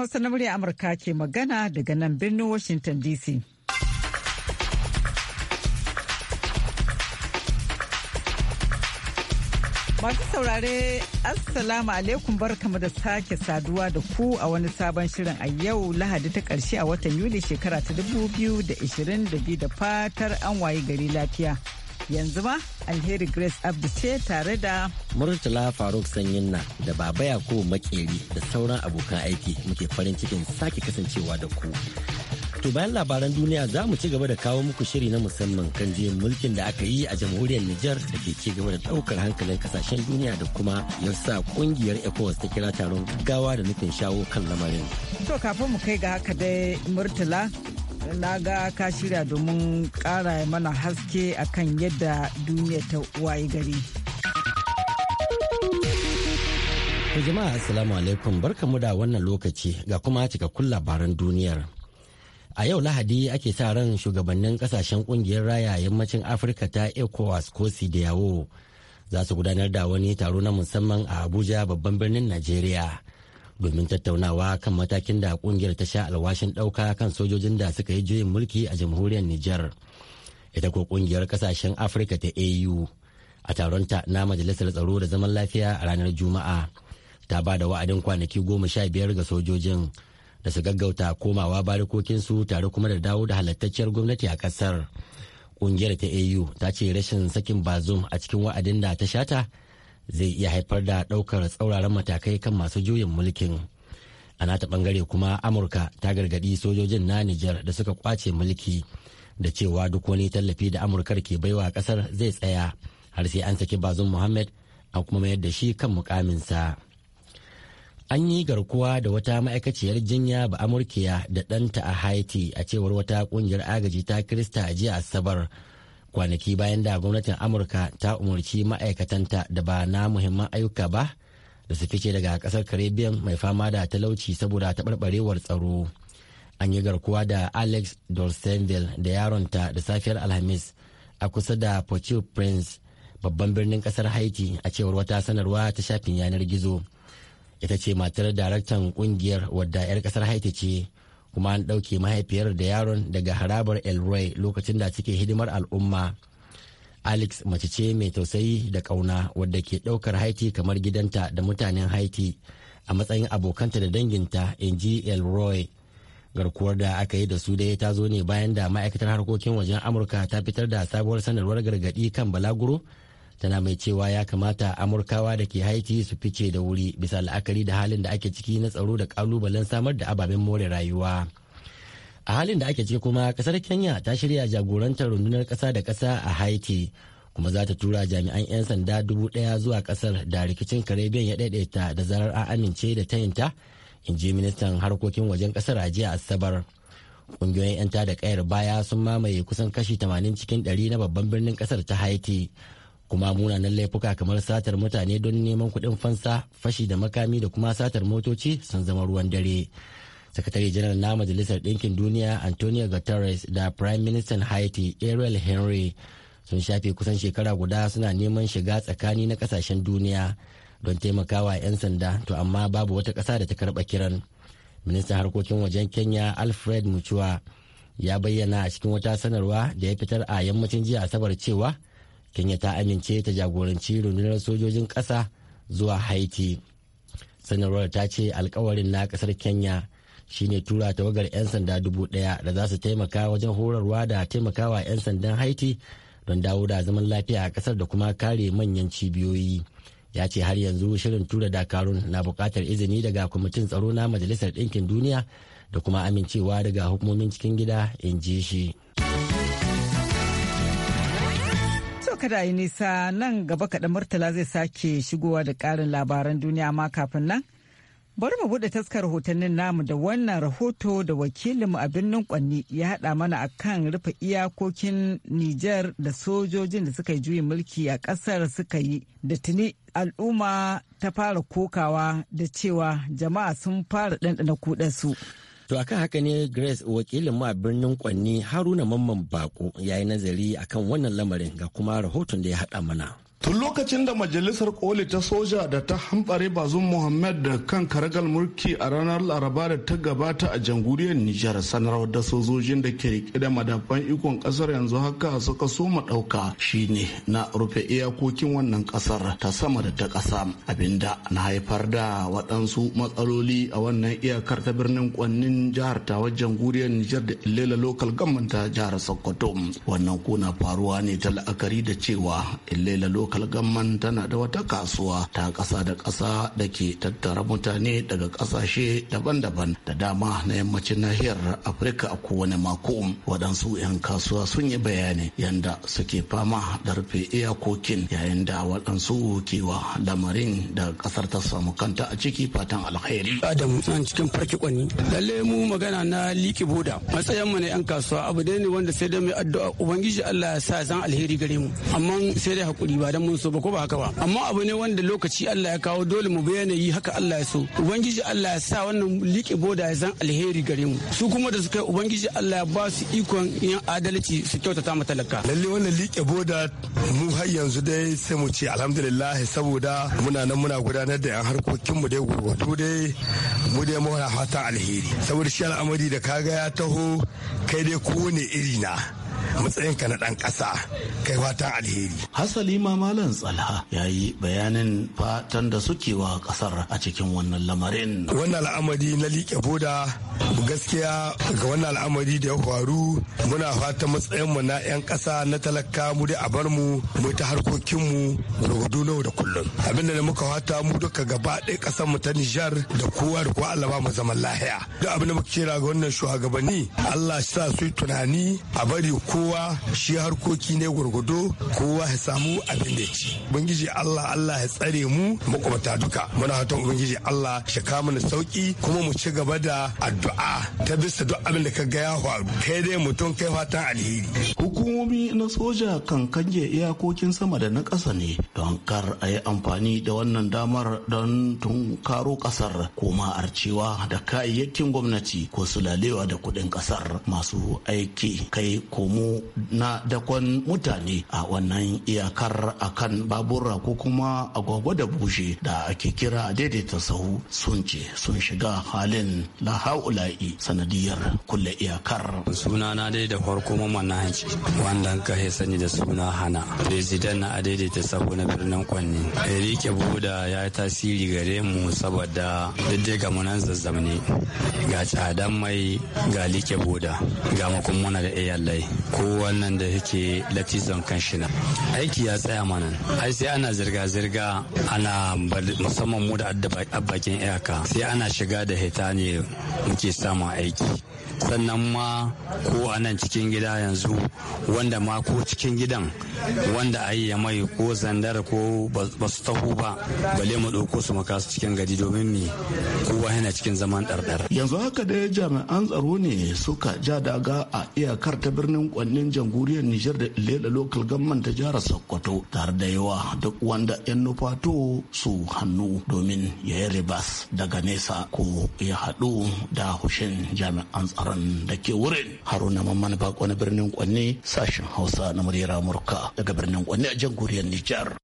Hausa na murya Amurka ke magana daga nan birnin Washington DC. Masu saurare, Assalamu alaikum barkamu da sake saduwa da ku a wani sabon shirin a yau Lahadi ta karshe a watan Yuli shekara ta 2022 da fatar an wayi gari lafiya. Yanzu ma Alheri Grace Abdi ce tare da Murtala Faruk Sanyin na da Baba yako Makeri da sauran abokan aiki muke farin cikin sake kasancewa da ku. To bayan labaran duniya za mu ci gaba da kawo muku shiri na musamman kan jiyan mulkin da aka yi a jamhuriyar Nijar da ke ci gaba da ɗaukar hankalin kasashen duniya da kuma yasa kungiyar ECOWAS ta kira taron gawa da nufin shawo kan lamarin. To kafin mu kai ga haka dai Murtala na ga ka shirya domin ƙara mana haske a kan yadda duniya ta waye gari. ku jama'a assalamu alaikum barkamu da wannan lokaci ga kuma cikakkun labaran duniyar. A yau Lahadi ake sa ran shugabannin kasashen kungiyar raya yammacin Afirka ta ECOWAS ko yawo za su gudanar da wani taro na musamman a Abuja babban birnin Najeriya. domin tattaunawa kan matakin da kungiyar ta sha alwashin ɗauka kan sojojin da suka yi juyin mulki a jamhuriyar Nijar. Ita ko kungiyar kasashen Afirka ta AU a taronta na Majalisar Tsaro da Zaman Lafiya a ranar Juma'a ta ba da wa'adin kwanaki goma sha biyar ga sojojin da su gaggauta komawa barikokinsu tare kuma da dawo da halattacciyar gwamnati a ƙasar. Kungiyar ta AU ta ce rashin sakin bazum a cikin wa'adin da ta shata zai iya haifar da ɗaukar tsauraran matakai kan masu juyin mulkin a nata bangare kuma amurka ta gargaɗi sojojin na nijar da suka kwace mulki da cewa duk wani tallafi da amurkar ke baiwa ƙasar zai tsaya har sai an saki bazun muhammad a kuma mayar da shi kan mukaminsa an yi garkuwa da wata ma'aikaciyar jinya ba amurkiya da ɗanta a haiti a cewar wata ƙungiyar agaji ta kirista a jiya asabar kwanaki bayan da gwamnatin amurka ta umarci ma'aikatanta da ba na muhimman ayyuka ba da su fice daga kasar caribbean mai fama da talauci saboda taɓarɓarewar tsaro an yi garkuwa da alex dorsenville da yaronta da safiyar alhamis a kusa da portugal prince babban birnin kasar haiti a cewar wata sanarwa ta shafin yanar gizo ita ce matar daraktan kungiyar wadda 'yar kasar haiti ce kuma an ɗauke mahaifiyar da yaron daga harabar elroy lokacin da cike hidimar al'umma alex mace ce mai tausayi da ƙauna wadda ke ɗaukar haiti kamar gidanta da mutanen haiti a matsayin abokanta da danginta in ji elroy garkuwar da aka yi da su dai ta zo ne bayan da ma'aikatar harkokin wajen amurka ta fitar da sabuwar sanarwar gargaɗi kan balaguro tana mai cewa ya kamata amurkawa da ke haiti su fice da wuri bisa la'akari da halin da ake ciki na tsaro da kalubalen samar da ababen more rayuwa a halin da ake ciki kuma kasar kenya ta shirya jagorantar rundunar kasa da kasa a haiti kuma za ta tura jami'an 'yan sanda dubu daya zuwa kasar da rikicin karibiyan ya daidaita da zarar a amince da tayinta in ji ministan harkokin wajen kasar a jiya asabar kungiyoyin 'yan da kayar baya sun mamaye kusan kashi 80 cikin 100 na babban birnin kasar ta haiti kuma munanan laifuka kamar satar mutane don neman kuɗin fansa fashi da makami da kuma satar motoci sun zama ruwan dare sakatare janar na majalisar ɗinkin duniya antonio guterres da prime minister haiti ariel henry sun shafe kusan shekara guda suna neman shiga tsakani na kasashen duniya don taimakawa 'yan sanda to amma babu wata ƙasa da ta karɓa kiran ministan harkokin wajen kenya alfred mutua ya bayyana a cikin wata sanarwa da ya fitar a yammacin jiya asabar cewa kenya ta amince ta jagoranci rundunar sojojin ƙasa zuwa haiti sanarwar ta ce alkawarin na ƙasar kenya shine tura tawagar 'yan sanda dubu ɗaya da za su taimaka wajen horarwa da taimakawa 'yan sandan haiti don dawo da zaman lafiya a ƙasar da kuma kare manyan cibiyoyi ya ce har yanzu shirin tura dakarun na bukatar izini daga kwamitin tsaro na majalisar ɗinkin duniya da kuma amincewa daga hukumomin cikin gida in ji shi. kada yi nisa nan gaba kaɗan Murtala zai sake shigowa da ƙarin labaran duniya ma kafin nan. Bari mu buɗe taskar rahotannin namu da wannan rahoto da wakilinmu a birnin Kwanni ya haɗa mana a kan rufe iyakokin Nijar da sojojin da suka yi juyin mulki a ƙasar suka yi da tuni al'umma ta fara kokawa da cewa jama'a sun fara ɗanɗana kuɗansu. su. To akan haka ne Grace wakilin ma a birnin Kwanni Haruna Mamman Bako ya yi nazari akan wannan lamarin ga kuma rahoton da ya haɗa mana. Tun lokacin da Majalisar Koli ta soja da ta hambare bazun Muhammad da kan karagal mulki a ranar Laraba da ta gabata a jamhuriyar Nijar sanarwar da sojojin da ke rike da madafan ikon ƙasar yanzu haka suka soma ɗauka shine na rufe iyakokin wannan ƙasar ta sama da ta ƙasa abinda na haifar da waɗansu matsaloli a wannan iyakar ta birnin kwannin jihar ta wajen guriyar Nijar da Ilela Local Government ta jihar Sokoto. Wannan kuna faruwa ne ta la'akari da cewa Ilela Local local government tana da wata kasuwa ta kasa da kasa da ke tattara mutane daga kasashe daban-daban da dama na yammacin nahiyar afirka a kowane mako waɗansu 'yan kasuwa sun yi bayani yanda suke fama da rufe iyakokin yayin da waɗansu kewa lamarin da ƙasar ta samu kanta a ciki fatan alkhairi. Adam cikin Lalle mu magana na liki boda matsayin mu na 'yan kasuwa abu dai ne wanda sai dai mai addu'a ubangiji Allah ya sa zan alheri gare mu amma sai dai hakuri ba idan mun so ba ko ba haka ba amma abu ne wanda lokaci Allah ya kawo dole mu bayyana yi haka Allah ya so ubangiji Allah ya sa wannan liƙe boda ya zan alheri gare mu su kuma da suka yi ubangiji Allah ya ba su ikon yin adalci su kyautata mu talaka lalle wannan liƙe boda mu har yanzu dai sai mu ce alhamdulillah saboda muna nan muna gudanar da yan harkokin mu dai gurgurtu dai mu dai mu fatan alheri saboda shi al'amari da kaga ya taho kai dai kowane iri na matsayinka na ɗan ƙasa kai fatan alheri. Hasali ma Malam Tsalha ya yi bayanin fatan da suke wa ƙasar a cikin wannan lamarin. Wannan al'amari na liƙe boda gaskiya ga wannan al'amari da ya faru muna fatan matsayinmu na 'yan ƙasa na talaka mu da bar mu mu ta harkokinmu gwargwado nawa da kullum. Abinda da muka fata mu duka gaba ɗaya ƙasar mu ta Nijar da kowa da kowa Allah mu zaman lahiya. Duk abin da muka kira ga wannan shugabanni Allah sa su tunani a bari kowa shi harkoki ne gwargwado kowa ya samu abin da ya ci ubangiji allah allah ya tsare mu makwabta duka muna hatan ubangiji allah shi kama mana sauki kuma mu ci gaba da addu'a ta bisa duk abin da ka ga ya faru kai dai mutum kai fatan alheri hukumomi na soja kan kange iyakokin sama da na ƙasa ne don kar a yi amfani da wannan damar don tunkaro ƙasar ko arcewa da kayayyakin gwamnati ko sulalewa da kuɗin ƙasar masu aiki kai komo samu na dakon mutane a wannan iyakar a kan babura ko kuma agwagwa da bushe da ake kira daidaita sahu sun ce sun shiga halin lahaula'i sanadiyar kulle iyakar suna dai da farko mamman hanci wanda ka sani da suna hana president na daidaita sahu na birnin kwanni rike buda ya yi tasiri gare mu saboda daidai ga munan zazzamne ga tsadan mai ga like buda ga makon muna da iyalai ko wannan da yake latizan kanshi nan aiki ya tsaya mana ai sai ana zirga-zirga ana musamman mu da bakin iyaka sai ana shiga da hita ne muke samun aiki sannan ma ko a nan cikin gida yanzu wanda ma ko cikin gidan wanda ayi ya mai ko zandar ko ba su taho ba bale mu ɗauko su maka su cikin gari domin ni ko ba yana cikin zaman ɗarɗar. yanzu haka dai jami'an tsaro ne suka ja daga a iyakar ta birnin kwannin jamhuriyar Nijar da Ilela Local Government ta jihar Sokoto tare da yawa duk wanda 'yan nufato su hannu domin ya yi ribas daga nesa ko ya haɗu da hushin jami'an tsaron da ke wurin. Haruna Mamman Bakwani birnin Kwanne sashen Hausa na muryar Amurka daga birnin Kwanne a jamhuriyar Nijar.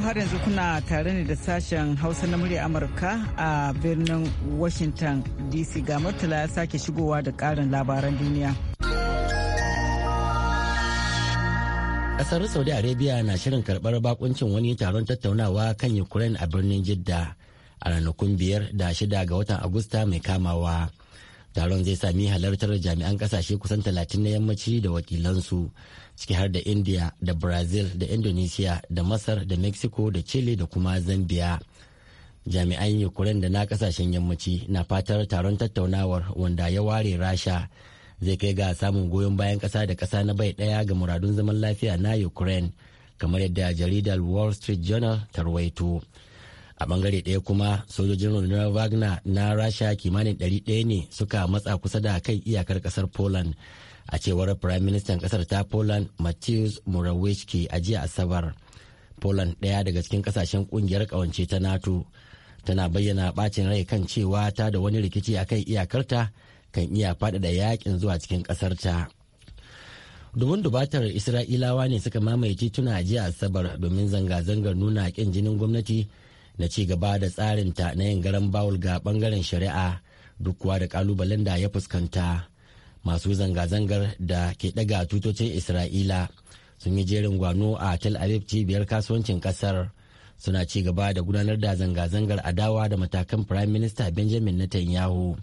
har yanzu kuna tare ne da sashen hausa na murya amurka a birnin washington dc ga murtala ya sake shigowa da karin labaran duniya kasar saudi arabia na shirin karbar bakuncin wani taron tattaunawa kan ukraine a birnin jidda a ranakun biyar da shida ga watan agusta mai kamawa taron zai sami halartar jami'an kasashe kusan talatin na yammaci da wakilansu ciki har da india da brazil da indonesia da masar da mexico da chile da kuma zambia jami'an ukraine da na kasashen yammaci na fatar taron tattaunawar wanda ya ware rasha zai kai ga samun goyon bayan kasa da kasa na bai daya ga muradun zaman lafiya na ukraine kamar yadda jaridar wall street journal ta ruwaito. a bangare ɗaya kuma sojojin rundunar wagner na rasha kimanin 100 ne suka matsa kusa da kan iyakar ƙasar poland a cewar prime minister kasar ta poland matthews morawiecki a jiya asabar poland ɗaya daga cikin ƙasashen ƙungiyar ƙawance ta nato tana bayyana bacin rai kan cewa ta da wani rikici a kan iyakarta kan iya faɗaɗa yakin zuwa cikin ƙasar ta domin dubatar isra'ilawa ne suka mamaye tituna a jiya asabar domin zanga-zangar nuna ƙin jinin gwamnati na ci gaba da tsarinta na yin garan bawul ga bangaren shari'a duk kuwa da kalubalen da ya fuskanta masu zanga-zangar da ke daga tutocin isra'ila sun yi jerin gwano a tel aviv cibiyar kasuwancin kasar suna ci gaba da gudanar da zanga-zangar adawa da matakan prime minister benjamin netanyahu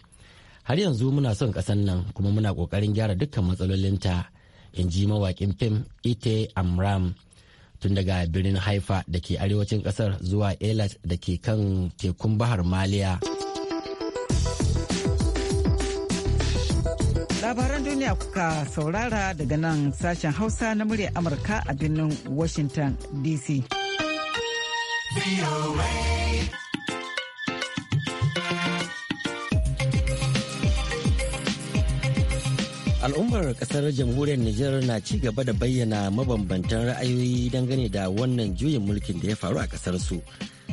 har yanzu muna son kasan nan kuma muna kokarin gyara dukkan matsalolinta in ji mawakin fim ite amram tun daga birnin haifa da ke arewacin kasar zuwa elat da ke kan tekun bahar maliya labaran duniya kuka saurara daga nan sashen hausa na murya amurka a birnin washington dc al'ummar kasar jamhuriyar nijar na ci gaba da bayyana mabambantan ra'ayoyi dangane da wannan juyin mulkin da ya faru a kasar su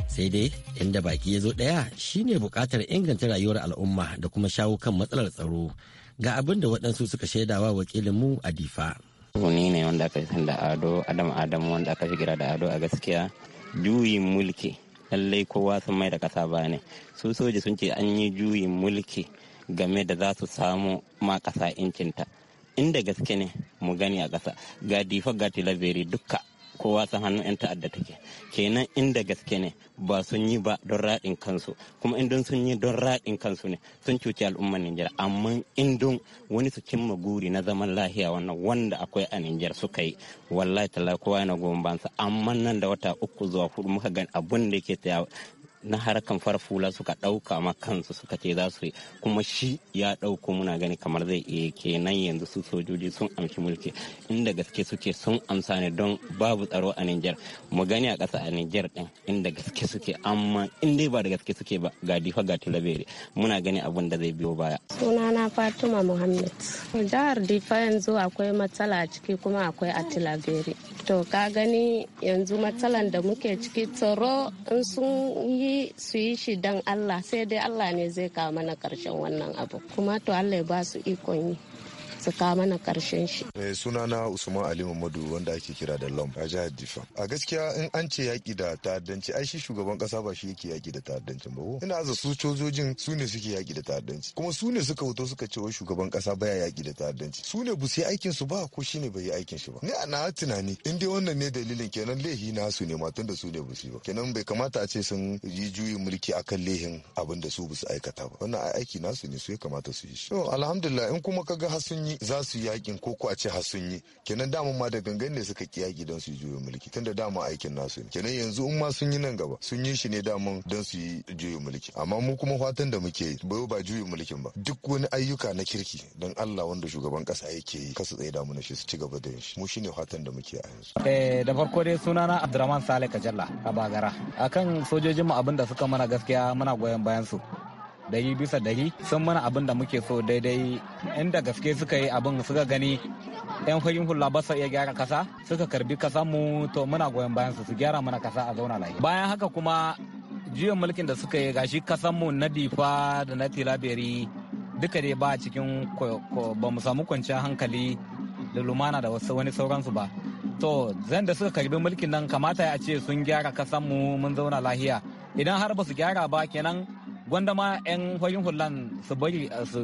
sai dai inda baki ya zo ɗaya shine bukatar inganta rayuwar al'umma da kuma shawo kan matsalar tsaro ga abin da waɗansu suka shaidawa wakilinmu a difa ni ne wanda aka san da ado adam adam wanda aka shigira da ado a gaskiya juyin mulki lallai kowa sun mai da kasa ba ne su soji sun ce an yi juyin mulki game da za su samu ma ƙasa incinta inda gaske ne mu gani a ƙasa ga difa ga tilaberi dukka kowa san hannun 'yan ta'adda take kenan inda gaske ne ba sun yi ba don raɗin kansu kuma indon sun yi don raɗin kansu ne sun cuci al'ummar Nijar amma indon wani su cimma guri na zaman lahiya wannan wanda akwai a Nijar suka yi wallahi talla kowa yana goma bansa amma nan da wata uku zuwa hudu muka gani abun da yake na harkan farfula suka ɗauka ma kansu suka ce za su yi kuma shi ya ɗauko muna gani kamar zai iya ke nan yanzu su sojoji sun amshi mulki inda gaske suke sun amsa ne don babu tsaro a Nijar mu gani a ƙasa a niger ɗin inda gaske suke amma in dai ba da gaske suke ba ga difa ga tulabere muna gani abun da zai biyo baya. Sunana Fatima Muhammad. Jihar Difa yanzu akwai matsala a ciki kuma akwai a tilabere. To ka gani yanzu matsalan da muke ciki tsaro in sun yi su yi shi don Allah sai dai Allah ne zai kawo mana karshen wannan abu kuma to Allah ya ba su ikon yi su mana karshen shi. Eh, sunana Usman Ali Mamadu wanda ake kira da Lom a jihar Difa. A gaskiya in an ce yaƙi da ta'addanci ai shi shugaban ƙasa ba shi yake yaƙi da ta'addanci ba. Ina za su cojojin su ne suke yaƙi da ta'addanci kuma su ne suka wuto suka ce wai shugaban ƙasa baya yaƙi da ta'addanci. Su ne bu sai aikin su ba ko shi ne bai yi aikin shi ba. Ni ana tunani in dai wannan ne dalilin kenan laihi na su ne tun da su ne bu su ba. Kenan bai kamata a ce sun yi juyin mulki akan lehin abin da su bu su aikata ba. Wannan aiki nasu ne su ya kamata su yi shi. Alhamdulillah in kuma kaga har sun yi za su yakin ko ko a ce har yi kenan dama ma da gangan ne suka ki yaki don su juyo mulki tunda dama aikin nasu ne kenan yanzu in ma sun yi nan gaba sun yi shi ne dama don su yi juyo mulki amma mu kuma fatan da muke yi bai ba juyo mulkin ba duk wani ayyuka na kirki don Allah wanda shugaban kasa yake yi kasu tsaye da mu shi su ci gaba da yin shi mu shine fatan da muke a yanzu eh da farko dai sunana Abdurrahman Sale Kajalla a Bagara akan sojojin mu abin da suka mana gaskiya muna goyon bayan su dari bisa dari sun mana abin da muke so daidai inda gaske suka yi abin suka gani yan farin hula ba su iya gyara kasa suka karbi kasa mu to muna goyon bayan su su gyara mana kasa a zauna lafiya bayan haka kuma juyin mulkin da suka yi gashi kasan mu na difa da na tilaberi duka dai ba cikin ba mu samu kwanciyar hankali da lumana da wasu wani sauransu ba to zan da suka karbi mulkin nan kamata ya ce sun gyara kasan mu mun zauna lahiya idan har ba su gyara ba kenan wanda ma 'yan hoyin hulan su bari su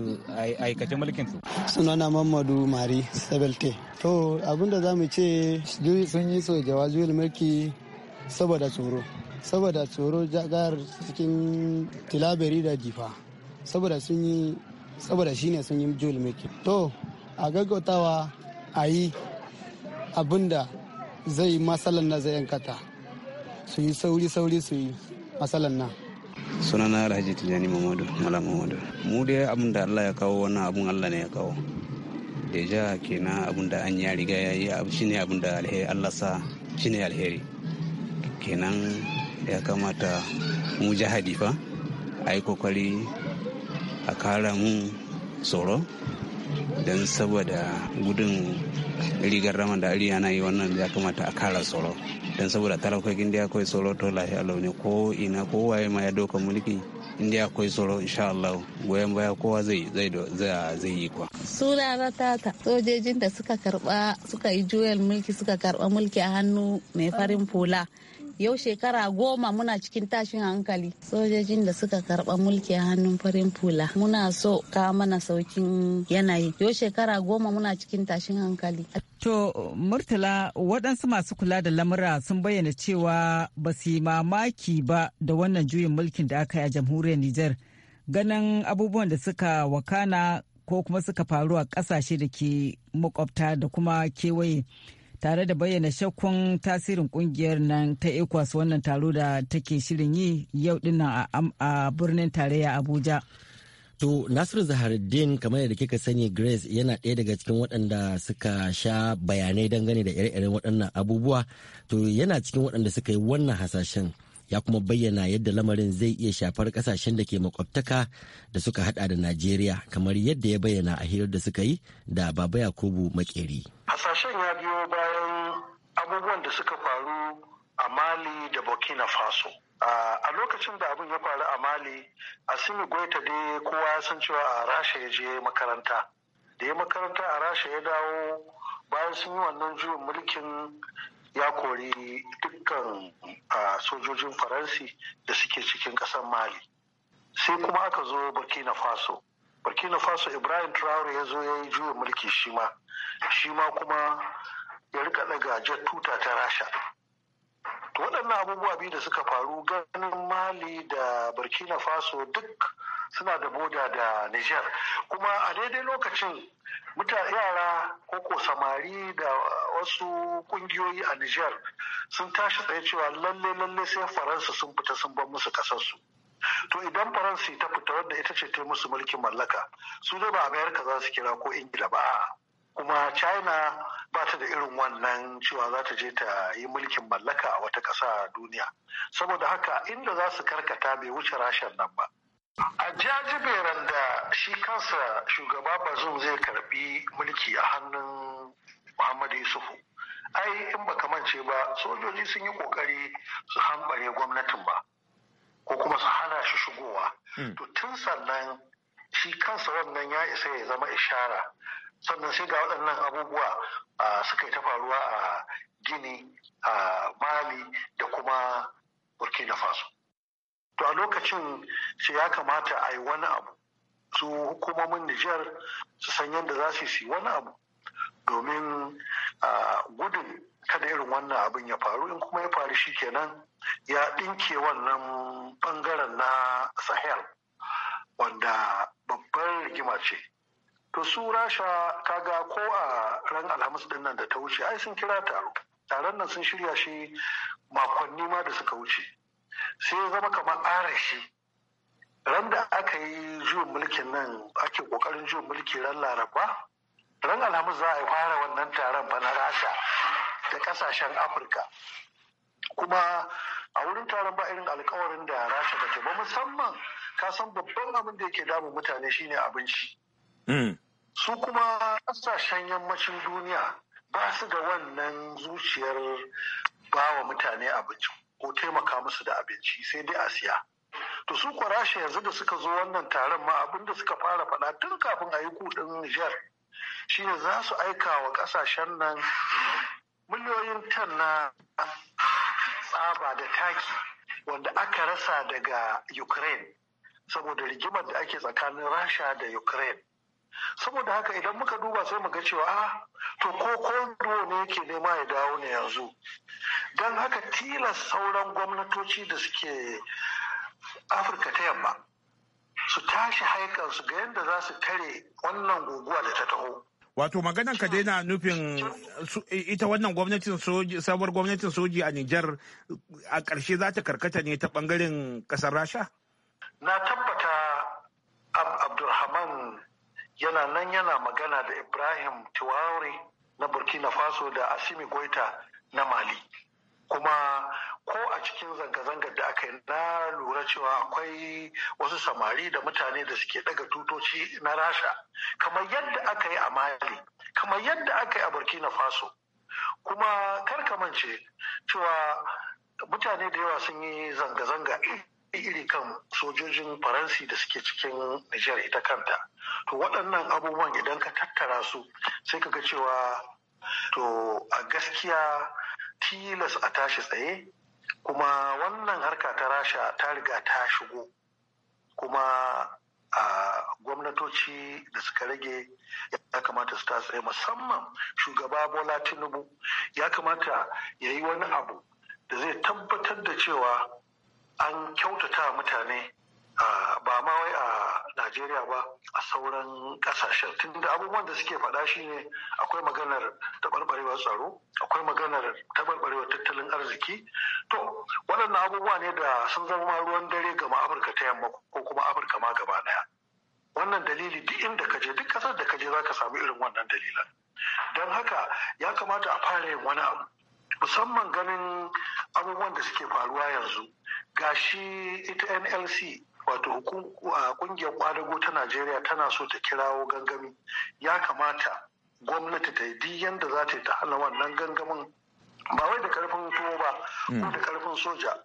aikace mulkin su. sunana mamadu mari sabelte to abinda za mu ce sun yi so jawazul mulki saboda tsoro saboda tsoro jagar cikin tilaberi da jifa saboda sun yi saboda shine sun yi jul mulki to a gaggautawa a yi abinda zai masalan na zai yankata su yi sauri sauri su yi masalan nan Suna na alhaji tijani mamadu mala mamadu mu dai abin da allah ya kawo wannan abun allah ne ya kawo deja kenan abin da an ya riga ya yi shine abin da alheri allah sa shine alheri kenan ya kamata mu jihadi fa a yi kokari a kara mu tsoro don saboda gudun rigar rama da ariya na yi wannan ya kamata a kara tsoro don saboda talakokin da akwai tsoro to lafiya lau ne ko ina ko waye ma ya doka mulki inda akwai tsoro insha Allah goyon baya kowa zai zai yi Suna na tata sojojin da suka karba suka yi juyar mulki suka karba mulki a hannu mai farin fula yau shekara goma muna cikin tashin hankali sojojin da suka karba mulki a hannun farin fula muna so ka mana saukin yanayi yau shekara goma muna cikin tashin hankali to murtala waɗansu masu kula da lamura sun bayyana cewa ba su yi mamaki ba da wannan juyin mulkin da aka yi a jamhuriyar nijar ganin abubuwan da suka wakana ko kuma suka faru a ƙasashe da ke makwabta da kuma kewaye tare da bayyana shakkun tasirin kungiyar nan ta ECOWAS wannan taro da take shirin yi yau dinnan a birnin tarayya Abuja. To Nasiru Zaharuddin kamar yadda kika sani Grace yana ɗaya daga cikin waɗanda suka sha bayanai dangane da ire-iren waɗannan abubuwa to yana cikin waɗanda suka yi wannan hasashen. ya kuma bayyana yadda lamarin zai iya shafar kasashen da ke makwabtaka da suka hada da najeriya kamar yadda ya bayyana a hirar da suka yi da baba yakubu makeri hasashen ya biyo bayan abubuwan da suka faru a mali da burkina faso a lokacin da abin ya faru a mali asimi goita dai kowa ya san cewa a rasha ya je makaranta da ya makaranta a rasha ya dawo bayan sun yi wannan juyin mulkin ya kori dukkan sojojin faransi da suke cikin ƙasar mali sai kuma aka zo burkina faso burkina faso ibrahim traore ya zo ya yi juya mulki shi ma shi ma kuma ya rika daga jet tuta ta rasha to waɗannan abubuwa biyu da suka faru ganin mali da burkina faso duk suna da boda da niger kuma a daidai lokacin yara ko samari da wasu kungiyoyi a Nijar sun tashi tsaye cewa lalle lalle sai Faransa sun fita sun bar musu kasarsu. To idan Faransa ta fita wadda ita ce ta musu mulkin mallaka su dai ba Amerika za su kira ko Ingila ba. Kuma China ba ta da irin wannan cewa za ta je ta yi mulkin mallaka a wata ƙasa a duniya. Saboda haka inda za su karkata bai wuce rashin nan ba. a jajiberan da shi kansa shugaba bazum zai karbi mulki a hannun muhammadu yusufu ai in baka mance ba sojoji sun yi kokari su hambare gwamnatin ba ko kuma su hana shi shigowa hmm. to tun sannan shi kansa wannan ya isa ya zama ishara sannan sai ga waɗannan abubuwa suka yi ta faruwa a gini a mali da kuma burkina faso to a lokacin sai ya kamata a yi wani abu su hukumomin Nijar su san yadda za su yi wani abu domin gudun kada irin wannan abin ya faru in kuma ya faru shi kenan ya ɗinke wannan ɓangaren na sahel wanda babbar rigima ce to su rasha kaga ko a ran alhamis din nan da ta wuce ai sun kira taro taron nan sun shirya shi makonni ma da suka wuce sai ya zama kamar arashi ran da aka yi juyin mulkin nan ake kokarin juyin mulki ran laraba ran alhamis za a yi fara wannan taron bana rasha da kasashen afirka kuma a wurin taron ba irin alkawarin da rasha ba ba musamman ka san babban abin da yake damun mutane shine abinci hmm. su kuma kasashen yammacin duniya ba su da wannan zuciyar ba wa mutane abinci ko taimaka musu da abinci sai dai a siya to su rasha yanzu da suka zo wannan taron ma abin da suka fara faɗa tun kafin a yi kuɗin nijar shine za su aika wa ƙasashen nan miliyoyin tan na tsaba da taki wanda aka rasa daga ukraine saboda rigimar da ake tsakanin rasha da ukraine saboda haka idan muka duba sai muka cewa a ah, to ko kondo ne yake nema ya dawo ne yanzu don haka tilas sauran gwamnatoci da suke afirka ta yamma su tashi haikansu ga yadda za su kare wannan guguwa da ta taho wato maganan ka daina nufin ita wannan gwamnatin soji sabuwar gwamnatin soji a Nijar a karshe za ta karkata ne ta ɓangaren ƙasar Rasha? Na tabbata yana nan yana magana da ibrahim tiwari na burkina faso da asimi goita na mali kuma ko a cikin zanga-zangar da aka yi na lura cewa akwai wasu samari da mutane da suke daga tutoci na rasha kamar yadda aka yi a mali kamar yadda aka yi a burkina faso kuma kar ka cewa mutane da yawa sun yi zanga-zanga iri kan sojojin faransi da suke cikin nijar ita kanta to waɗannan abubuwan idan ka tattara su sai ka ga cewa to a gaskiya tilas a tashi tsaye kuma wannan harka ta rasha ta riga ta shigo kuma a gwamnatoci da suka rage ya kamata su ta tsaye musamman shugaba bola tinubu ya kamata ya yi wani abu da zai tabbatar da cewa an kyautata mutane ba ma wai a Najeriya ba a sauran kasashen tunda abubuwan da suke faɗa shine akwai maganar taɓarɓarewar tsaro akwai maganar taɓarɓarewar tattalin arziki to waɗannan abubuwa ne da sun zama ruwan dare ga afirka ta yamma ko kuma afirka ma gaba ɗaya wannan dalili duk inda ka je duk ƙasar da ka je za ka samu irin wannan dalilan don haka ya kamata a fara yin wani abu musamman ganin abubuwan da suke faruwa yanzu gashi ita nlc wato kungiyar kwadago ta najeriya tana so ta kirawo gangami ya kamata gwamnati ta yi yadda za ta yi ta hana wannan gangamin ba wai da karfin tuwo ba ko hmm. da karfin soja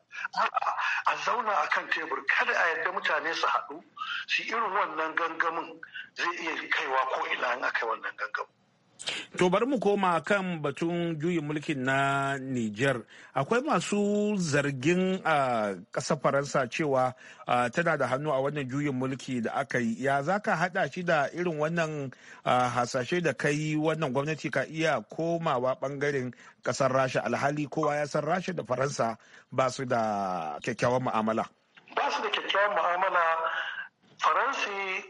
a zauna a kan tebur kada a yadda mutane su haɗu su irin wannan gangamin zai iya kaiwa ko ina in aka yi wannan gangamin To bari mu koma kan batun juyin mulkin na Niger. Akwai masu zargin a ƙasa Faransa cewa tana da hannu a wannan juyin mulki da aka yi. Ya za ka haɗa shi da irin wannan hasashe da kai wannan gwamnati ka iya komawa ɓangaren ƙasar Rasha alhali kowa ya san Rasha da Faransa ba su da kyakkyawan mu'amala. Ba su da kyakkyawan mu'amala Faransi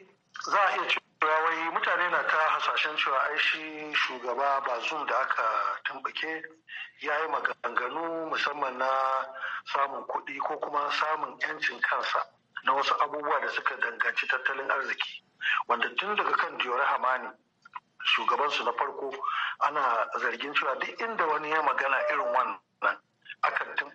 za a iya wai mutane na ta hasashen cewa ai shi shugaba ba zum da aka tambake ya yi maganganu musamman na samun kuɗi ko kuma samun 'yancin kansa na wasu abubuwa da suka danganci tattalin arziki wanda tun daga kan diyar hamani shugabansu na farko ana zargin cewa duk inda wani ya magana irin wannan akan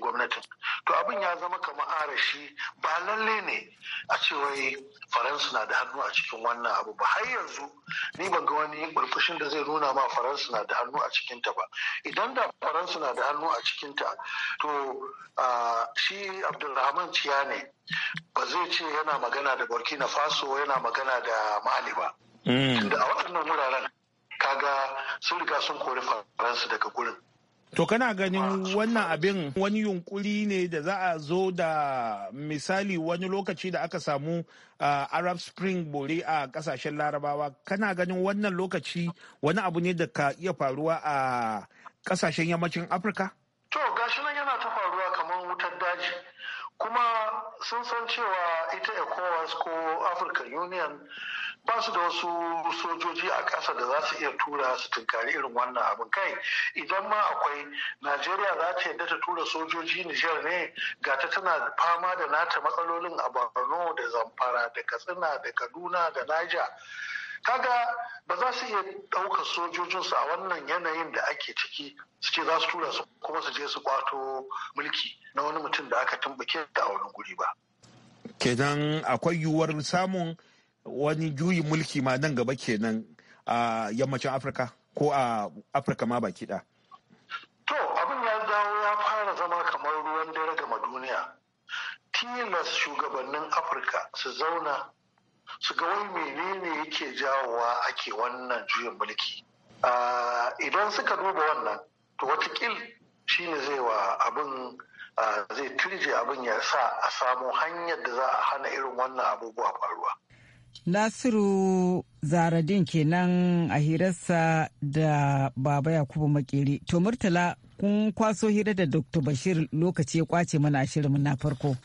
gwamnatin to abin ya zama kamar arashi ba lalle ne a cewai faransa na da hannu a cikin wannan abu ba har yanzu ni ban ga wani burbushin da zai nuna ma faransa na da hannu a cikinta ba idan da faransa na da hannu a cikinta to shi abdulrahman ciya ne ba zai ce yana magana da burkina faso yana magana da mali ba mm. da a waɗannan wuraren kaga sun riga sun kori faransa daga gurin To kana ganin wannan abin wani yunkuri ne da za a zo da misali wani lokaci da aka samu uh, Arab Spring bore a kasashen larabawa kana ganin wannan lokaci wani abu ne da ka iya faruwa a kasashen yammacin Afirka? To gashi nan yana ta faruwa kamar wutar daji kuma sun san cewa ita ECOWAS ko afirka Union ba su da wasu sojoji a ƙasa da za su iya tura su tunkari irin wannan abin kai idan ma akwai najeriya za ta yadda ta tura sojoji nijar ne ga ta tana fama da nata matsalolin a borno da zamfara da katsina da kaduna da niger kaga ba za su iya ɗaukar sojojinsu a wannan yanayin da ake ciki suke za su tura su kuma su je su kwato mulki na wani mutum da aka tumbuke da a wani guri ba kenan akwai yiwuwar samun wani juyin mulki ma nan gaba kenan a yammacin afirka ko a afirka ma baki da to abin ya dawo ya fara zama kamar ruwan dare gama duniya tilas shugabannin afirka su zauna su ga wai menene yake jawowa ake wannan juyin mulki idan suka duba wannan to watakil shine zai wa abin zai turje abin ya sa a samu hanyar da za a hana irin wannan abubuwa faruwa Nasiru Zaradin kenan a hirarsa da Baba Yakubu Makeri. To Murtala kun kwaso hira da Dr. Bashir lokaci ya kwace mana a mu na farko.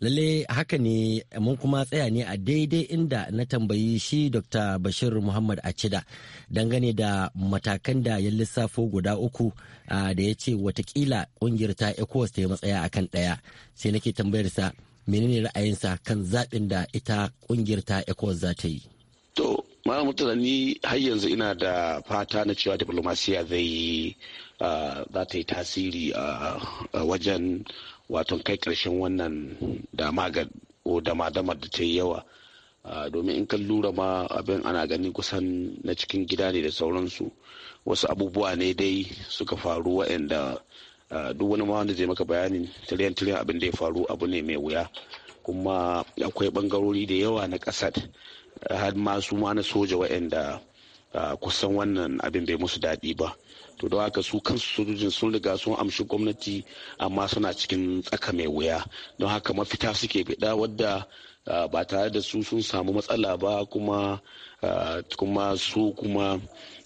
Lalle haka ne mun kuma tsaya ne a daidai inda na tambayi shi Dr. Bashir Muhammad Acida dangane da matakan da ya lissafo guda uku ah, da ya ce watakila kungiyar ta ECOWAS ta yi matsaya akan ɗaya sai nake sa. menene ra'ayinsa kan zaɓin da ita ƙungiyar ta ECOWAS za ta yi. To, malam mutane ni har yanzu ina da fata na cewa diplomasiya zai yi ah, za ta yi tasiri a wajen waton kai ƙarshen wannan dama ga dama da ta yi yawa. Ah, domin in kan lura ma abin ana gani kusan na cikin gida ne da sauransu wasu abubuwa ne dai suka faru waɗanda Eh, duk wani ma wanda zai maka bayanin tiliyan tiliyan abin da ya faru abu ne mai wuya kuma akwai bangarori da yawa na kasar eh, har ma su ma na soja waɗanda eh, kusan wannan abin bai musu daɗi ba to don haka su kansu sojojin sun riga sun amshi gwamnati amma suna cikin tsaka mai wuya don haka mafita suke bida wadda Ah, ba tare da su sun samu matsala ba kuma ah, kuma su kuma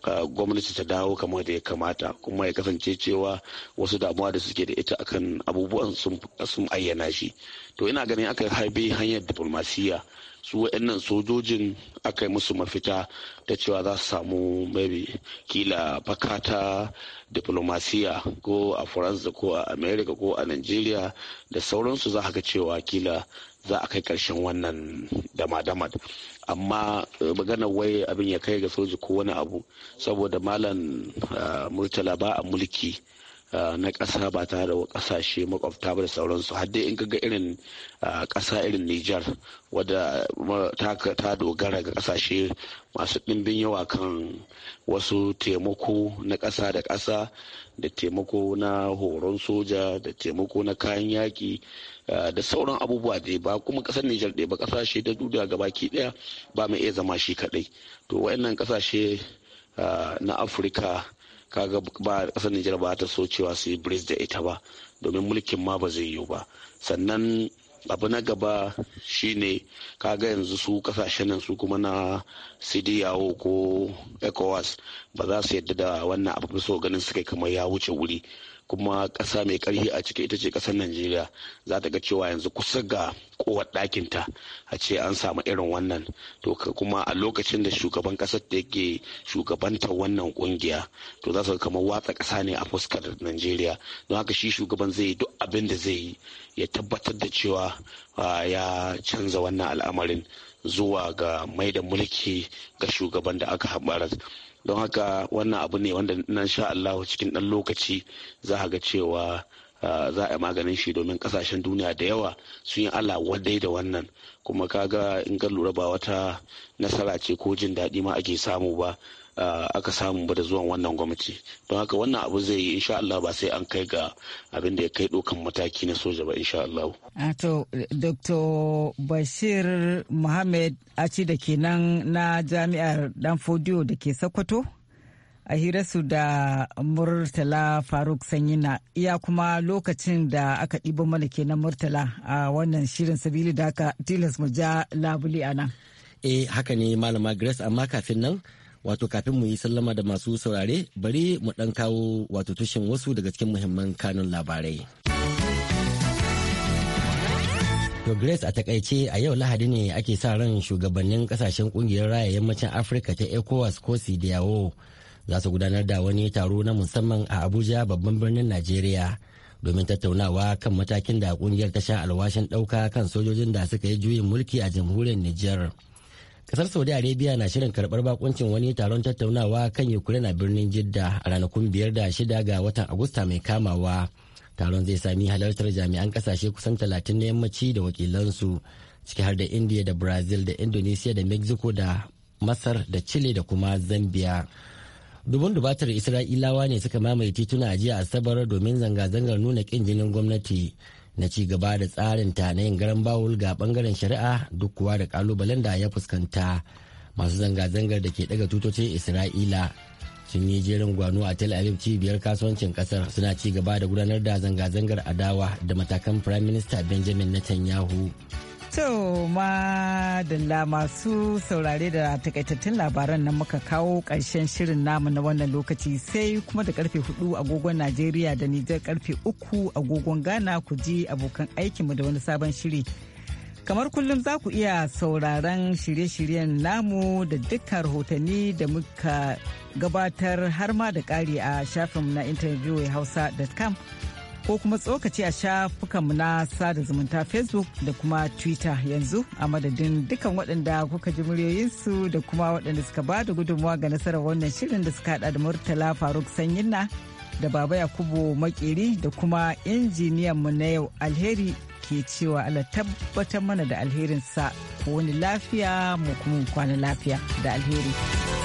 ah, gwamnati ta dawo kamar da ya kamata kuma ya kasance cewa wasu damuwa da suke da ita akan abubuwan sun ayyana shi to ina ganin aka harbe hanyar diplomasiya su waɗannan sojojin aka yi musu mafita ta cewa za su samu maybe kila fakata diplomasiya ko a faransa ko a america ko a nigeria da sauransu za ka cewa kila za a kai ƙarshen wannan dama dama amma eh, magana wai abin ya kai ga soji ko wani abu saboda malam eh, murtala ba a mulki eh, na ƙasa ba tare da ƙasashe makwabta ba da sauransu har dai in ga irin ƙasa irin Nijar wadda ta dogara ga ƙasashe masu ɗimbin yawa kan wasu taimako na ƙasa da ƙasa da taimako na horon soja da taimako na kayan yaƙi Eh, da sauran abubuwa da ba kuma kasar Nijar ɗaya ba kasashe da duniya gabaki ɗaya ba mai iya zama shi kaɗai to wayannan kasashe eh, na Afirka kaga ba kasar Nijar ba ta so cewa su yi da ita ba domin mulkin ma ba zai yiwu ba sannan abu na gaba shine kaga yanzu su kasashen nan su kuma na yawo ko ecowas ba za su yadda da wannan abu so ganin suka kamar ya wuce wuri kuma ƙasa mai ƙarfi a ciki ita ce ƙasar najeriya za ta ga cewa yanzu kusa ga kowar ɗakinta a ce an samu irin wannan to kuma a lokacin da shugaban ƙasar da yake shugabantar wannan ƙungiya to za su kamar watsa ƙasa ne a fuskar najeriya don haka shi shugaban zai yi duk abin da zai yi ya tabbatar da cewa ya canza wannan al'amarin zuwa ga mai da mulki ga shugaban da aka haɓarar don haka wannan abu ne wanda nan sha Allah cikin ɗan lokaci za a ga cewa za a yi maganin shi domin kasashen duniya da yawa sun yi ala wadai da wannan kuma kaga in ka lura ba wata nasara ce ko jin daɗi ma ake samu ba Eh, aka samu ba da zuwan wannan gwamnati don haka wannan abu zai yi insha Allah ba sai an kai ga abin da ya kai dokan mataki na soja ba insha Allah. to dr bashir muhammad aci da ke nan na jami'ar dan fodiyo da ke sokoto a hirarsu da murtala faruk na iya kuma lokacin da aka ɗiba mana kenan murtala a wannan shirin sabili da aka tilas mu ja labule a nan. eh haka ne malama grace amma kafin nan wato kafin mu yi sallama da masu saurare bari mu dan kawo wato tushen wasu daga cikin muhimman kanun labarai To Grace a takaice a yau Lahadi ne ake sa ran shugabannin kasashen kungiyar raya yammacin Afirka ta ECOWAS ko CDAO za su gudanar da wani taro na musamman a Abuja babban birnin Najeriya domin tattaunawa kan matakin da kungiyar ta sha alwashin dauka kan sojojin da suka yi juyin mulki a jamhuriyar Nijar. kasar saudi arabia na shirin karbar bakuncin wani taron tattaunawa kan ukraine a birnin jidda a ranakun biyar da shida ga watan agusta mai kamawa taron zai sami halartar jami'an kasashe kusan talatin na yammaci da wakilansu ciki har da india da brazil da indonesia da mexico da masar da chile da kuma zambia dubun dubatar isra'ilawa ne suka mamaye tituna a jiya asabar domin zanga-zangar nuna kin jinin gwamnati na ci gaba da tsarin ta na yin garan bawul ga bangaren shari'a duk kuwa da kalubalen da ya fuskanta masu zanga-zangar da ke daga tutocin isra'ila sun yi jerin gwano a tel aviv cibiyar kasuwancin kasar suna ci gaba da gudanar da zanga-zangar adawa da matakan firayim minister benjamin netanyahu To madalla masu saurare da takaitattun labaran nan muka kawo ƙarshen shirin namu na wannan lokaci sai kuma da karfe 4 agogon Najeriya da Nijar karfe uku agogon Ghana ku ji abokan aikinmu da wani sabon shiri. Kamar kullum za ku iya sauraron shirye-shiryen namu da dukkan rahotanni da muka gabatar har ma da ƙari a shafinmu na interview ko kuma tsokaci a shafukanmu na sada zumunta facebook da kuma twitter yanzu a madadin dukkan waɗanda kuka ji muryoyinsu da kuma waɗanda suka ba da gudunmawa ga nasarar wannan shirin da suka haɗa da murtala faruk sanyinna da baba yakubu makeri da kuma injiniyan mu na yau alheri ke cewa ala tabbatar mana da alherinsa ko wani lafiya mu kuma kwana lafiya da alheri.